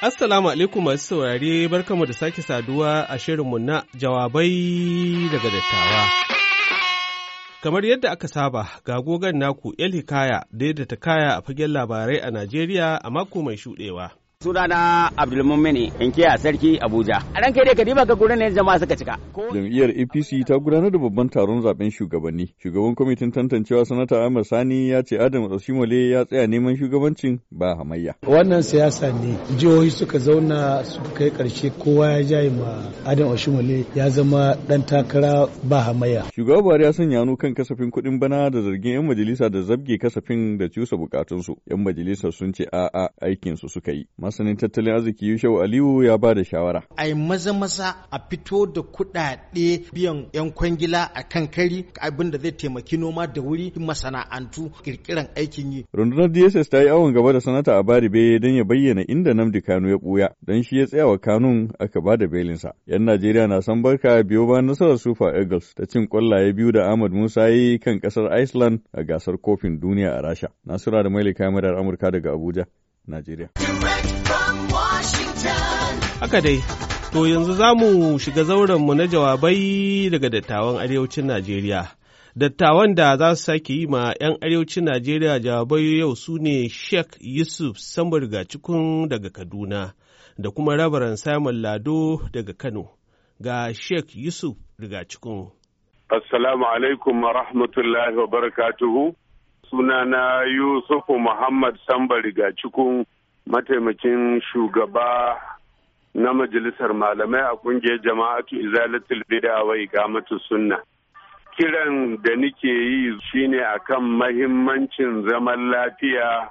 Assalamu alaikum masu saurare barkamu da sake saduwa a shirinmu na jawabai daga dattawa. Kamar yadda aka saba, ga gogon naku El Hikaya daidaita kaya a fagen labarai a Najeriya a mako mai shuɗewa. sunana abdulmumini a sarki abuja a ran kai dai kadiba ka gurin ne jama'a suka cika jam'iyyar apc ta gudanar da babban taron zaben shugabanni shugaban kwamitin tantancewa sanata ahmad sani ya ce adam osimole ya tsaya neman shugabancin ba hamayya wannan siyasa ne jihohi suka zauna suka kai karshe kowa ya jaye ma adam osimole ya zama dan takara ba hamayya shugaban buhari ya sanya hannu kan kasafin kuɗin bana da zargin yan majalisa da zabge kasafin da cusa bukatunsu yan majalisa sun ce a'a aikinsu suka yi Masanin tattalin arziki Yushau Aliyu ya ba da shawara. A yi maza maza a fito da kuɗaɗe biyan 'yan kwangila a kan kari abin da zai taimaki noma da wuri masana'antu kirkiran aikin yi. Rundunar DSS ta yi awon gaba da sanata a Baribe don ya bayyana inda Namdi Kano ya ɓuya don shi ya tsayawa Kanun aka ba da belinsa. 'Yan Najeriya na san barka biyo ba nasarar Super Eagles ta cin kwallaye biyu da Ahmad Musa yi kan kasar Iceland a gasar kofin duniya a Rasha. Nasura da mai kamarar Amurka daga Abuja, Najeriya. Haka dai, to yanzu za mu shiga zaurenmu na jawabai daga dattawan arewacin Najeriya. Dattawan da za su sake yi ma 'yan arewacin Najeriya jawabai yau su ne Sheikh Yusuf Sambar Gacikun daga Kaduna da kuma Rabaran Simon Lado daga Kano. Ga Sheikh Yusuf Rigacikun. Assalamu alaikum wa rahmatullahi wa barakatuhu. Sunana Yusufu Muhammad Sambar Gacikun. mataimakin shugaba na majalisar malamai a kungiyar jama'atu izalatul bid'a wa iqamatu sunna kiran da nike yi shine akan mahimmancin zaman lafiya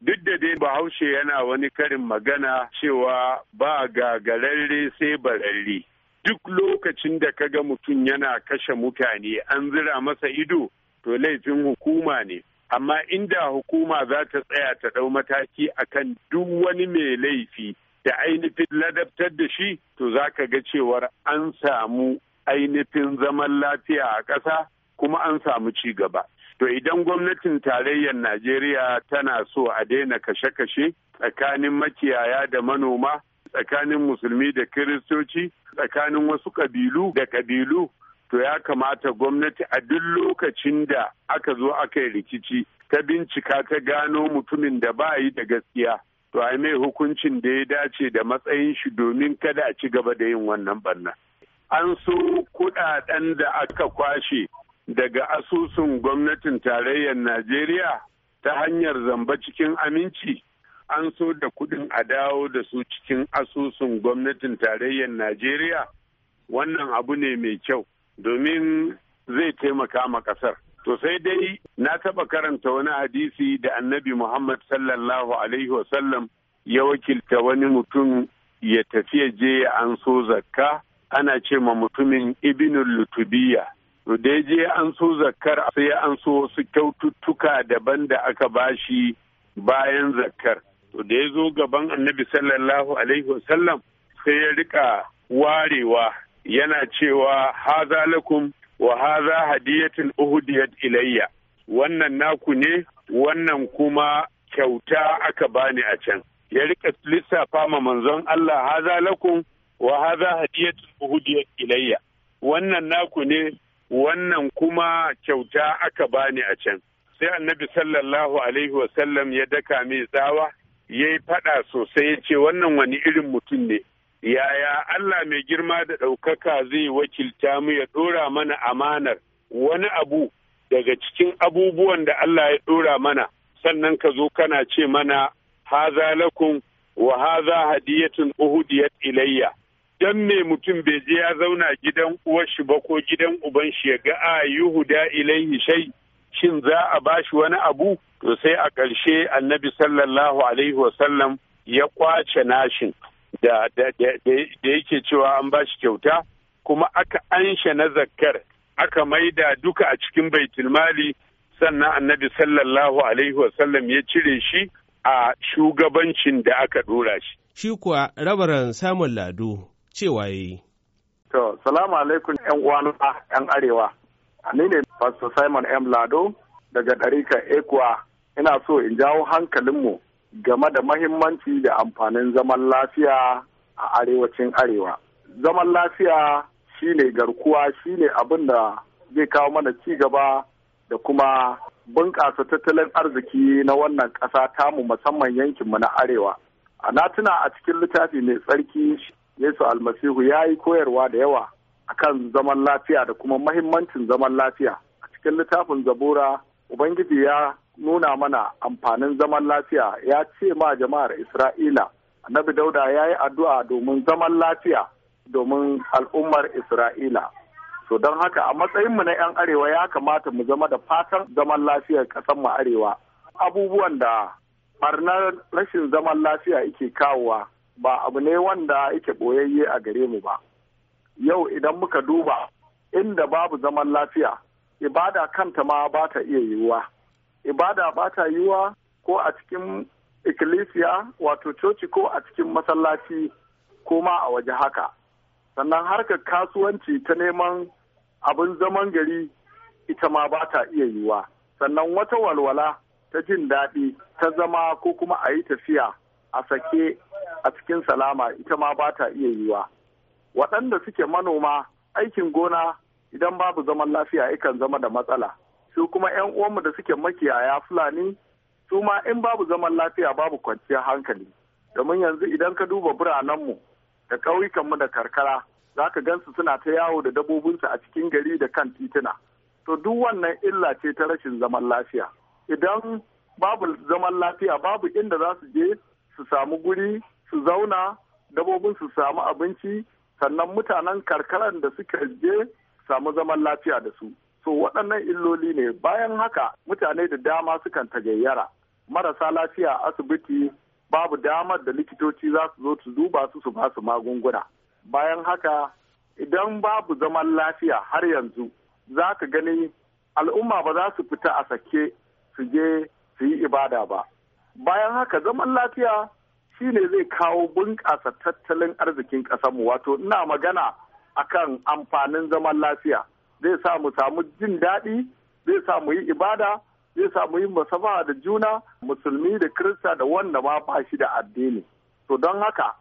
duk da dai bahaushe yana wani karin magana cewa ba gagararre sai bararre duk lokacin da kaga mutum yana kashe mutane an zira masa ido to laifin hukuma ne amma inda hukuma za ta tsaya ta ɗau mataki akan duk wani mai laifi da ainihin ladabtar da shi to za ka ga cewar an samu ainihin zaman lafiya a ƙasa kuma an samu ci gaba. To idan gwamnatin tarayyar Najeriya tana so a daina kashe-kashe tsakanin makiyaya da manoma, tsakanin musulmi da kiristoci, tsakanin wasu ƙabilu da kabilu. to ya kamata gwamnati a duk lokacin da aka zo aka yi rikici ta bincika ta gano mutumin da ba yi da gaskiya to a mai hukuncin da ya dace da matsayin shi domin kada a ci gaba da yin wannan barna an so kudaden da aka kwashe daga asusun gwamnatin tarayyar najeriya ta hanyar zamba cikin aminci an so da kudin a dawo da su cikin asusun gwamnatin tarayyar najeriya wannan abu ne mai kyau domin zai taimaka ma ƙasar. To sai dai na taɓa karanta wani hadisi da annabi Muhammad sallallahu Alaihi wasallam ya wakilta wani mutum ya tafi je an so zakka ana ce ma mutumin ibinul lutubiya. To dai je an so zakkar sai an so wasu kyaututtuka daban da aka bashi bayan zakkar. To da ya zo gaban annabi sallallahu Alaihi wasallam sai ya rika warewa yana cewa haza lakum wa haza hadiyatin uhudiyat ilayya wannan naku ne wannan kuma kyauta aka bani a can ya rika lissafa ma manzon Allah haza lakum wa haza hadiyatun uhudiyat ilayya wannan naku ne wannan kuma kyauta aka bani a can sai annabi sallallahu alaihi wa sallam ya daka mai tsawa yayi yi faɗa sosai ya ce wannan wani irin mutum ne yaya Allah mai girma da ɗaukaka zai wakilta mu ya ɗora mana amanar wani abu daga cikin abubuwan da Allah ya ɗora mana sannan ka zo kana ce mana haza lakum wa haza hadiyatun uhudiyat ilayya dan me mutum bai je ya zauna gidan uwar ba ko gidan uban shi ya ga ayyuhuda ilayhi shay shin za a bashi wani abu to sai a ƙarshe annabi sallallahu alaihi wasallam ya kwace nashin da yake cewa an ba shi kyauta kuma aka ansha na zakkar aka maida duka a cikin baitulmali sannan annabi sallallahu alaihi wasallam ya cire shi a shugabancin da aka dora shi. Shi kuwa rabaran samun lado cewa yi. To, salamu alaikum ‘yan uwana ‘yan arewa. Ni ne Pastor Simon M. Lado daga ɗarika Ekuwa. Ina so in jawo hankalinmu game da mahimmanci da amfanin zaman lafiya a arewacin arewa. Zaman lafiya shi ne garkuwa shi ne abin da zai kawo mana ci gaba da kuma bunƙasa tattalin arziki na wannan ƙasa tamu musamman yankinmu na arewa. A na tuna a cikin littafi mai tsarki Yesu Almasihu ya yi koyarwa da yawa a kan zaman lafiya da kuma mahimmancin zaman lafiya. A cikin littafin Zabura, Ubangiji ya nuna mana amfanin zaman lafiya ya ce ma jama'ar Isra'ila Annabi Dauda ya yi addu'a domin zaman lafiya domin al'ummar Isra'ila. To don haka a matsayinmu na 'yan arewa ya kamata mu zama da fatan zaman lafiyar mu arewa. Abubuwan da barnar rashin zaman lafiya yake kawowa ba abu ne wanda yake ɓoyayye a gare mu ba. Yau idan muka duba inda babu zaman lafiya, ibada kanta ma ba ta iya yiwuwa. ibada ba ta yiwa ko a cikin ikkilisiya wato coci ko a cikin masallaci ko ma a waje haka sannan harkar kasuwanci ta neman abin zaman gari ita ma ba ta iya yiwa sannan wata walwala ta jin daɗi ta zama ko kuma a yi tafiya a sake a cikin salama ita ma ba ta iya yiwa waɗanda suke manoma aikin gona idan babu zaman lafiya yakan zama da matsala su kuma 'yan uwanmu da suke makiyaya fulani su ma in babu zaman lafiya babu kwanciyar hankali domin yanzu idan ka duba biranenmu da ƙauyukanmu da karkara za ka gansu suna ta yawo da dabobinsu a cikin gari da kan tituna to duk wannan illa ce ta rashin zaman lafiya idan babu zaman lafiya babu inda za su je su samu guri su zauna dabobin su samu abinci sannan mutanen karkaran da suka je samu zaman lafiya da su So waɗannan illoli ne bayan haka mutane da dama sukan tagayyara marasa lafiya asibiti babu damar da likitoci za su zo su duba su su basu magunguna. Bayan haka idan babu zaman lafiya har yanzu za ka gani al'umma ba za su fita a sake su je su yi ibada ba. Bayan haka zaman lafiya shi ne zai kawo bunƙasa tattalin arzikin ƙasarmu wato ina magana akan amfanin zaman lafiya. zai sa mu samu jin daɗi zai sa mu yi ibada zai sa mu yi musabaha da juna musulmi da kirista da wanda ma ba shi da addini to don haka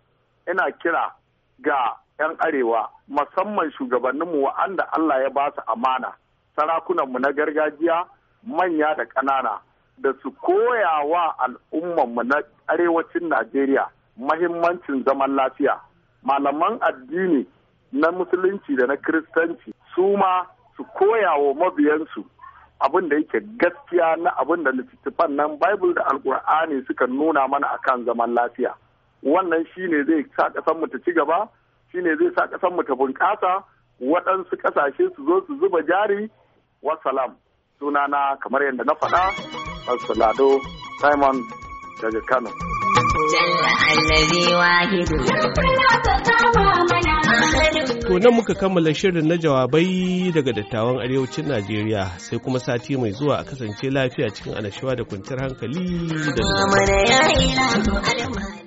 ina kira ga 'yan arewa musamman shugabanninmu wa'anda Allah ya ba su amana sarakunanmu na gargajiya manya da ƙanana da su koya wa al'ummanmu na arewacin Najeriya mahimmancin zaman lafiya malaman addini na musulunci da na kiristanci su ma su koya wa mabiyansu abin da yake gaskiya na abin da littattafan nan bible da alkur'ani suka nuna mana akan zaman lafiya wannan shine zai sa ƙasar mu ta ci gaba shine zai sa ƙasar mu ta bunƙasa waɗansu ƙasashe su zo su zuba jari wasalam na kamar yadda na faɗa Salado Simon daga Kano. Jalla Allah wahidu. Jalla Allah ta To nan muka kammala shirin na jawabai daga dattawan arewacin Najeriya sai kuma sati mai zuwa a kasance lafiya cikin anashawa da kwanciyar hankali da